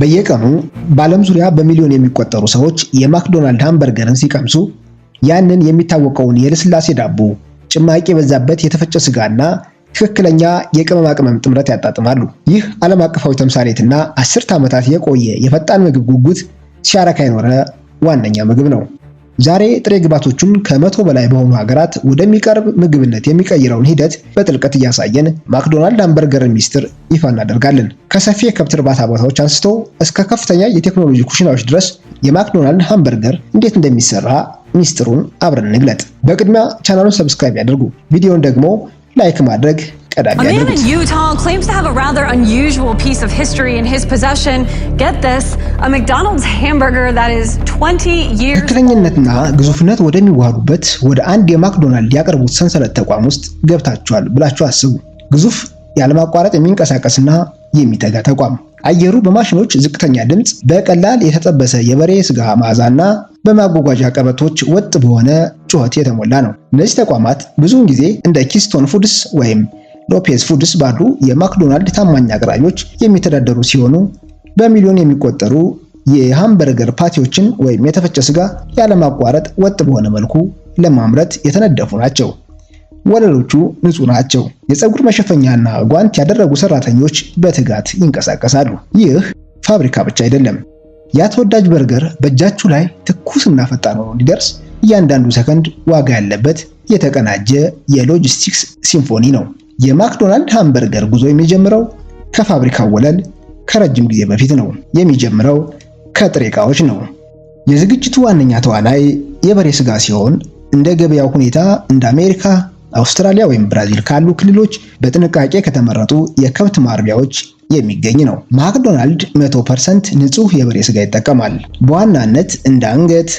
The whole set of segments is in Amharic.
በየቀኑ በዓለም ዙሪያ በሚሊዮን የሚቆጠሩ ሰዎች የማክዶናልድ ሃምበርገርን ሲቀምሱ ያንን የሚታወቀውን የልስላሴ ዳቦ፣ ጭማቂ የበዛበት የተፈጨ ስጋና ትክክለኛ የቅመማ ቅመም ጥምረት ያጣጥማሉ። ይህ ዓለም አቀፋዊ ተምሳሌትና አስርት ዓመታት የቆየ የፈጣን ምግብ ጉጉት ሲያረካ የኖረ ዋነኛ ምግብ ነው። ዛሬ ጥሬ ግባቶቹን ከመቶ በላይ በሆኑ ሀገራት ወደሚቀርብ ምግብነት የሚቀይረውን ሂደት በጥልቀት እያሳየን ማክዶናልድ አምበርገር ሚስጥር ይፋ እናደርጋለን። ከሰፊ የከብት እርባታ ቦታዎች አንስቶ እስከ ከፍተኛ የቴክኖሎጂ ኩሽናዎች ድረስ የማክዶናልድ ሃምበርገር እንዴት እንደሚሰራ ሚስጥሩን አብረን እንግለጥ። በቅድሚያ ቻናሉን ሰብስክራይብ ያድርጉ፣ ቪዲዮን ደግሞ ላይክ ማድረግ ቀዳሚ A man in Utah claims to have a rather unusual piece of history in his possession. Get this, a McDonald's hamburger that is 20 years ትክክለኝነትና ግዙፍነት ወደሚዋሃዱበት ወደ አንድ የማክዶናልድ ያቀርቡት ሰንሰለት ተቋም ውስጥ ገብታችኋል ብላችሁ አስቡ። ግዙፍ ያለማቋረጥ የሚንቀሳቀስና የሚተጋ ተቋም አየሩ በማሽኖች ዝቅተኛ ድምፅ፣ በቀላል የተጠበሰ የበሬ ስጋ መዓዛና በማጓጓዣ ቀበቶች ወጥ በሆነ ጩኸት የተሞላ ነው። እነዚህ ተቋማት ብዙውን ጊዜ እንደ ኪስቶን ፉድስ ወይም ሎፔዝ ፉድስ ባሉ የማክዶናልድ ታማኝ አቅራቢዎች የሚተዳደሩ ሲሆኑ በሚሊዮን የሚቆጠሩ የሃምበርገር ፓቲዎችን ወይም የተፈጨ ስጋ ያለማቋረጥ ወጥ በሆነ መልኩ ለማምረት የተነደፉ ናቸው። ወለሎቹ ንጹህ ናቸው። የፀጉር መሸፈኛና ጓንት ያደረጉ ሰራተኞች በትጋት ይንቀሳቀሳሉ። ይህ ፋብሪካ ብቻ አይደለም። ያ ተወዳጅ በርገር በእጃችሁ ላይ ትኩስና ፈጣን ሆኖ እንዲደርስ እያንዳንዱ ሰከንድ ዋጋ ያለበት የተቀናጀ የሎጂስቲክስ ሲምፎኒ ነው። የማክዶናልድ ሃምበርገር ጉዞ የሚጀምረው ከፋብሪካው ወለል ከረጅም ጊዜ በፊት ነው። የሚጀምረው ከጥሬ ዕቃዎች ነው። የዝግጅቱ ዋነኛ ተዋናይ የበሬ ስጋ ሲሆን እንደ ገበያው ሁኔታ እንደ አሜሪካ፣ አውስትራሊያ ወይም ብራዚል ካሉ ክልሎች በጥንቃቄ ከተመረጡ የከብት ማርቢያዎች የሚገኝ ነው። ማክዶናልድ 100% ንጹህ የበሬ ስጋ ይጠቀማል። በዋናነት እንደ አንገት፣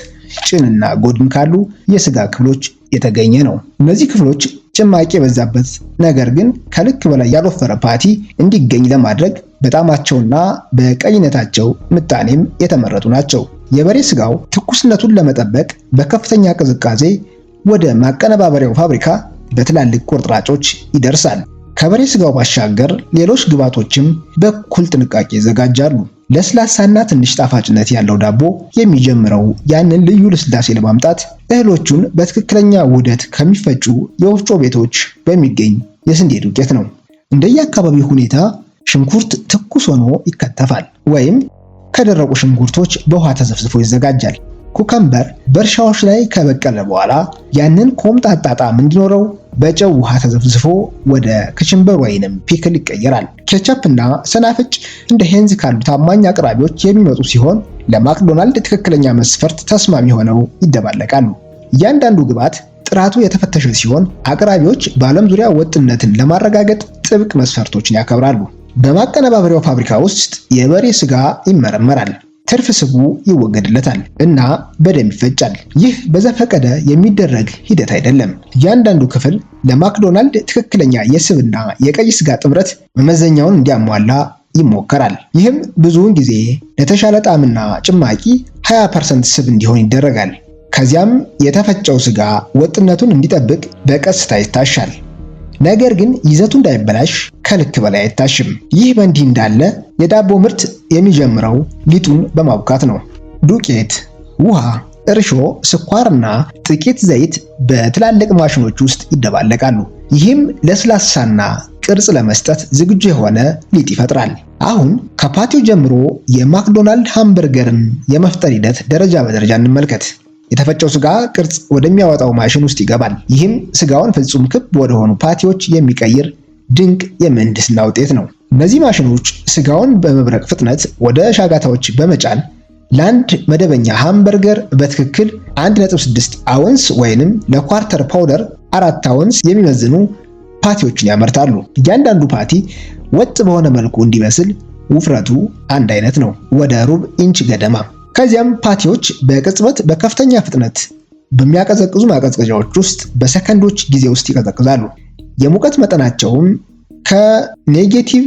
ጭንና ጎድን ካሉ የስጋ ክፍሎች የተገኘ ነው። እነዚህ ክፍሎች ጭማቂ የበዛበት ነገር ግን ከልክ በላይ ያልወፈረ ፓቲ እንዲገኝ ለማድረግ በጣዕማቸውና በቀይነታቸው ምጣኔም የተመረጡ ናቸው። የበሬ ስጋው ትኩስነቱን ለመጠበቅ በከፍተኛ ቅዝቃዜ ወደ ማቀነባበሪያው ፋብሪካ በትላልቅ ቁርጥራጮች ይደርሳል። ከበሬ ስጋው ባሻገር ሌሎች ግብዓቶችም በኩል ጥንቃቄ ይዘጋጃሉ። ለስላሳና ትንሽ ጣፋጭነት ያለው ዳቦ የሚጀምረው ያንን ልዩ ልስላሴ ለማምጣት እህሎቹን በትክክለኛ ውህደት ከሚፈጩ የወፍጮ ቤቶች በሚገኝ የስንዴ ዱቄት ነው። እንደየአካባቢ ሁኔታ ሽንኩርት ትኩስ ሆኖ ይከተፋል ወይም ከደረቁ ሽንኩርቶች በውሃ ተዘፍዝፎ ይዘጋጃል። ኩከምበር በእርሻዎች ላይ ከበቀለ በኋላ ያንን ኮምጣጣ ጣዕም እንዲኖረው በጨው ውሃ ተዘፍዝፎ ወደ ክችምበር ወይንም ፒክል ይቀየራል። ኬቻፕ እና ሰናፍጭ እንደ ሄንዝ ካሉ ታማኝ አቅራቢዎች የሚመጡ ሲሆን ለማክዶናልድ ትክክለኛ መስፈርት ተስማሚ ሆነው ይደባለቃሉ። እያንዳንዱ ግብዓት ጥራቱ የተፈተሸ ሲሆን አቅራቢዎች በዓለም ዙሪያ ወጥነትን ለማረጋገጥ ጥብቅ መስፈርቶችን ያከብራሉ። በማቀነባበሪያው ፋብሪካ ውስጥ የበሬ ስጋ ይመረመራል። ትርፍ ስቡ ይወገድለታል እና በደም ይፈጫል። ይህ በዘፈቀደ የሚደረግ ሂደት አይደለም። እያንዳንዱ ክፍል ለማክዶናልድ ትክክለኛ የስብና የቀይ ስጋ ጥምረት መመዘኛውን እንዲያሟላ ይሞከራል። ይህም ብዙውን ጊዜ ለተሻለ ጣዕምና ጭማቂ 20% ስብ እንዲሆን ይደረጋል። ከዚያም የተፈጨው ስጋ ወጥነቱን እንዲጠብቅ በቀስታ ይታሻል። ነገር ግን ይዘቱ እንዳይበላሽ ከልክ በላይ አይታሽም። ይህ በእንዲህ እንዳለ የዳቦ ምርት የሚጀምረው ሊጡን በማቡካት ነው። ዱቄት፣ ውሃ፣ እርሾ፣ ስኳርና ጥቂት ዘይት በትላልቅ ማሽኖች ውስጥ ይደባለቃሉ። ይህም ለስላሳና ቅርጽ ለመስጠት ዝግጁ የሆነ ሊጥ ይፈጥራል። አሁን ከፓቲው ጀምሮ የማክዶናልድ ሃምበርገርን የመፍጠር ሂደት ደረጃ በደረጃ እንመልከት። የተፈጨው ስጋ ቅርጽ ወደሚያወጣው ማሽን ውስጥ ይገባል። ይህም ስጋውን ፍጹም ክብ ወደሆኑ ፓቲዎች የሚቀይር ድንቅ የምህንድስና ውጤት ነው። እነዚህ ማሽኖች ስጋውን በመብረቅ ፍጥነት ወደ ሻጋታዎች በመጫን ለአንድ መደበኛ ሃምበርገር በትክክል 1.6 አውንስ ወይንም ለኳርተር ፓውደር 4 አውንስ የሚመዝኑ ፓቲዎችን ያመርታሉ። እያንዳንዱ ፓቲ ወጥ በሆነ መልኩ እንዲመስል ውፍረቱ አንድ አይነት ነው፣ ወደ ሩብ ኢንች ገደማ ከዚያም ፓቲዎች በቅጽበት በከፍተኛ ፍጥነት በሚያቀዘቅዙ ማቀዝቀዣዎች ውስጥ በሰከንዶች ጊዜ ውስጥ ይቀዘቅዛሉ። የሙቀት መጠናቸውም ከኔጌቲቭ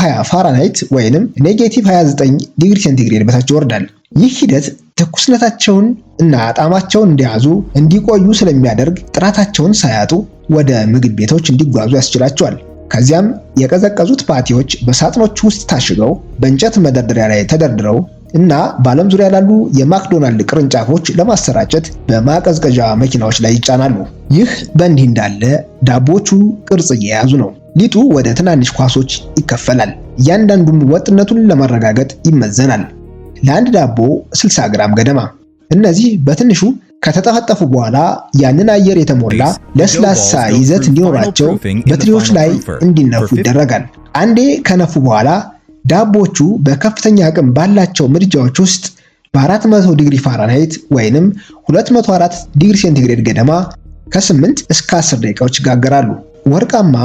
20 ፋራናይት ወይንም ኔጌቲቭ 29 ዲግሪ ሴንቲግሬድ በታች ይወርዳል። ይህ ሂደት ትኩስነታቸውን እና ጣዕማቸውን እንዲያዙ እንዲቆዩ ስለሚያደርግ ጥራታቸውን ሳያጡ ወደ ምግብ ቤቶች እንዲጓዙ ያስችላቸዋል። ከዚያም የቀዘቀዙት ፓቲዎች በሳጥኖች ውስጥ ታሽገው በእንጨት መደርደሪያ ላይ ተደርድረው እና በዓለም ዙሪያ ላሉ የማክዶናልድ ቅርንጫፎች ለማሰራጨት በማቀዝቀዣ መኪናዎች ላይ ይጫናሉ። ይህ በእንዲህ እንዳለ ዳቦቹ ቅርጽ እየያዙ ነው። ሊጡ ወደ ትናንሽ ኳሶች ይከፈላል። እያንዳንዱም ወጥነቱን ለማረጋገጥ ይመዘናል። ለአንድ ዳቦ 60 ግራም ገደማ። እነዚህ በትንሹ ከተጠፈጠፉ በኋላ ያንን አየር የተሞላ ለስላሳ ይዘት እንዲኖራቸው በትሪዎች ላይ እንዲነፉ ይደረጋል። አንዴ ከነፉ በኋላ ዳቦቹ በከፍተኛ አቅም ባላቸው ምድጃዎች ውስጥ በ400 ዲግሪ ፋራናይት ወይንም 204 ዲግሪ ሴንቲግሬድ ገደማ ከ8 እስከ 10 ደቂቃዎች ይጋገራሉ። ወርቃማ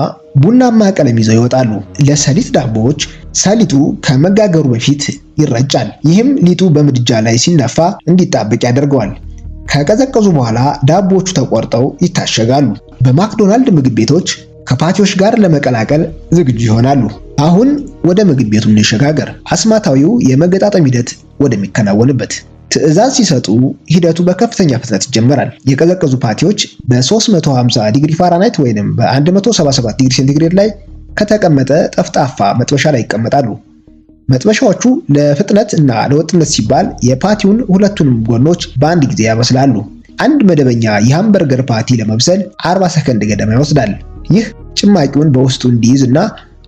ቡናማ ቀለም ይዘው ይወጣሉ። ለሰሊጥ ዳቦዎች ሰሊጡ ከመጋገሩ በፊት ይረጫል። ይህም ሊጡ በምድጃ ላይ ሲነፋ እንዲጣበቅ ያደርገዋል። ከቀዘቀዙ በኋላ ዳቦዎቹ ተቆርጠው ይታሸጋሉ። በማክዶናልድ ምግብ ቤቶች ከፓቲዎች ጋር ለመቀላቀል ዝግጁ ይሆናሉ። አሁን ወደ ምግብ ቤቱ እንሸጋገር። አስማታዊው የመገጣጠም ሂደት ወደሚከናወንበት ትዕዛዝ ሲሰጡ ሂደቱ በከፍተኛ ፍጥነት ይጀመራል። የቀዘቀዙ ፓቲዎች በ350 ዲግሪ ፋራናይት ወይንም በ177 ዲግሪ ሴንቲግሬድ ላይ ከተቀመጠ ጠፍጣፋ መጥበሻ ላይ ይቀመጣሉ። መጥበሻዎቹ ለፍጥነት እና ለወጥነት ሲባል የፓቲውን ሁለቱንም ጎኖች በአንድ ጊዜ ያበስላሉ። አንድ መደበኛ የሃምበርገር ፓቲ ለመብሰል 40 ሰከንድ ገደማ ይወስዳል። ይህ ጭማቂውን በውስጡ እንዲይዝ እና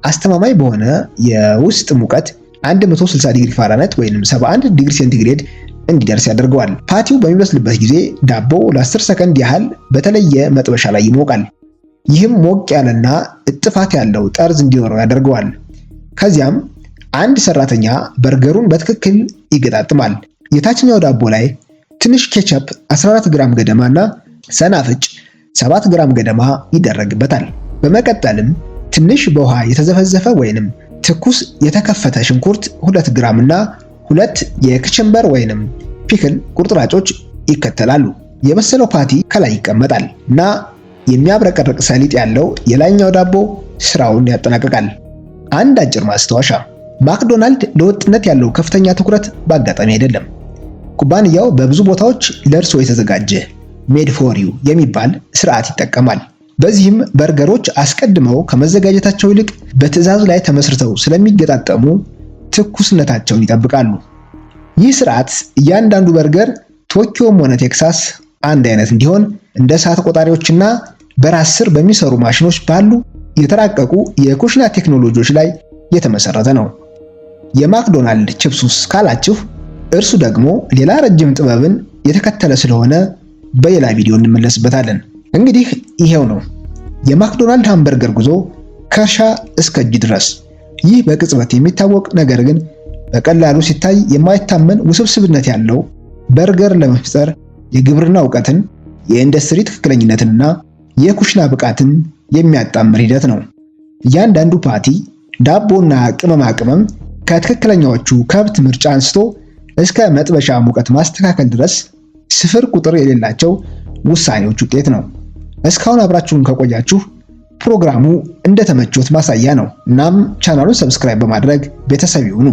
አስተማማኝ በሆነ የውስጥ ሙቀት 160 ዲግሪ ፋራናይት ወይም 71 ዲግሪ ሴንቲግሬድ እንዲደርስ ያደርገዋል። ፓቲው በሚበስልበት ጊዜ ዳቦው ለ10 ሰከንድ ያህል በተለየ መጥበሻ ላይ ይሞቃል። ይህም ሞቅ ያለና እጥፋት ያለው ጠርዝ እንዲኖረው ያደርገዋል። ከዚያም አንድ ሰራተኛ በርገሩን በትክክል ይገጣጥማል። የታችኛው ዳቦ ላይ ትንሽ ኬቸፕ 14 ግራም ገደማ እና ሰናፍጭ 7 ግራም ገደማ ይደረግበታል። በመቀጠልም ትንሽ በውሃ የተዘፈዘፈ ወይንም ትኩስ የተከፈተ ሽንኩርት 2 ግራም እና ሁለት የክችምበር ወይንም ፒክል ቁርጥራጮች ይከተላሉ። የበሰለው ፓቲ ከላይ ይቀመጣል እና የሚያብረቀርቅ ሰሊጥ ያለው የላይኛው ዳቦ ስራውን ያጠናቅቃል። አንድ አጭር ማስታወሻ፣ ማክዶናልድ ለወጥነት ያለው ከፍተኛ ትኩረት በአጋጣሚ አይደለም። ኩባንያው በብዙ ቦታዎች ለርሶ የተዘጋጀ ሜድ ፎር ዩ የሚባል ስርዓት ይጠቀማል። በዚህም በርገሮች አስቀድመው ከመዘጋጀታቸው ይልቅ በትዕዛዝ ላይ ተመስርተው ስለሚገጣጠሙ ትኩስነታቸውን ይጠብቃሉ። ይህ ስርዓት እያንዳንዱ በርገር ቶኪዮም ሆነ ቴክሳስ አንድ አይነት እንዲሆን እንደ ሰዓት ቆጣሪዎችና በራስ ስር በሚሰሩ ማሽኖች ባሉ የተራቀቁ የኩሽና ቴክኖሎጂዎች ላይ የተመሰረተ ነው። የማክዶናልድ ችፕሱስ ካላችሁ እርሱ ደግሞ ሌላ ረጅም ጥበብን የተከተለ ስለሆነ በሌላ ቪዲዮ እንመለስበታለን። እንግዲህ ይሄው ነው የማክዶናልድ ሃምበርገር ጉዞ ከእርሻ እስከ እጅ ድረስ። ይህ በቅጽበት የሚታወቅ ነገር ግን በቀላሉ ሲታይ የማይታመን ውስብስብነት ያለው በርገር ለመፍጠር የግብርና እውቀትን፣ የኢንዱስትሪ ትክክለኝነትንና የኩሽና ብቃትን የሚያጣምር ሂደት ነው። እያንዳንዱ ፓቲ፣ ዳቦና ቅመማ ቅመም ከትክክለኛዎቹ ከብት ምርጫ አንስቶ እስከ መጥበሻ ሙቀት ማስተካከል ድረስ ስፍር ቁጥር የሌላቸው ውሳኔዎች ውጤት ነው። እስካሁን አብራችሁን ከቆያችሁ ፕሮግራሙ እንደተመቾት ማሳያ ነው። እናም ቻናሉን ሰብስክራይብ በማድረግ ቤተሰብ ይሁኑ።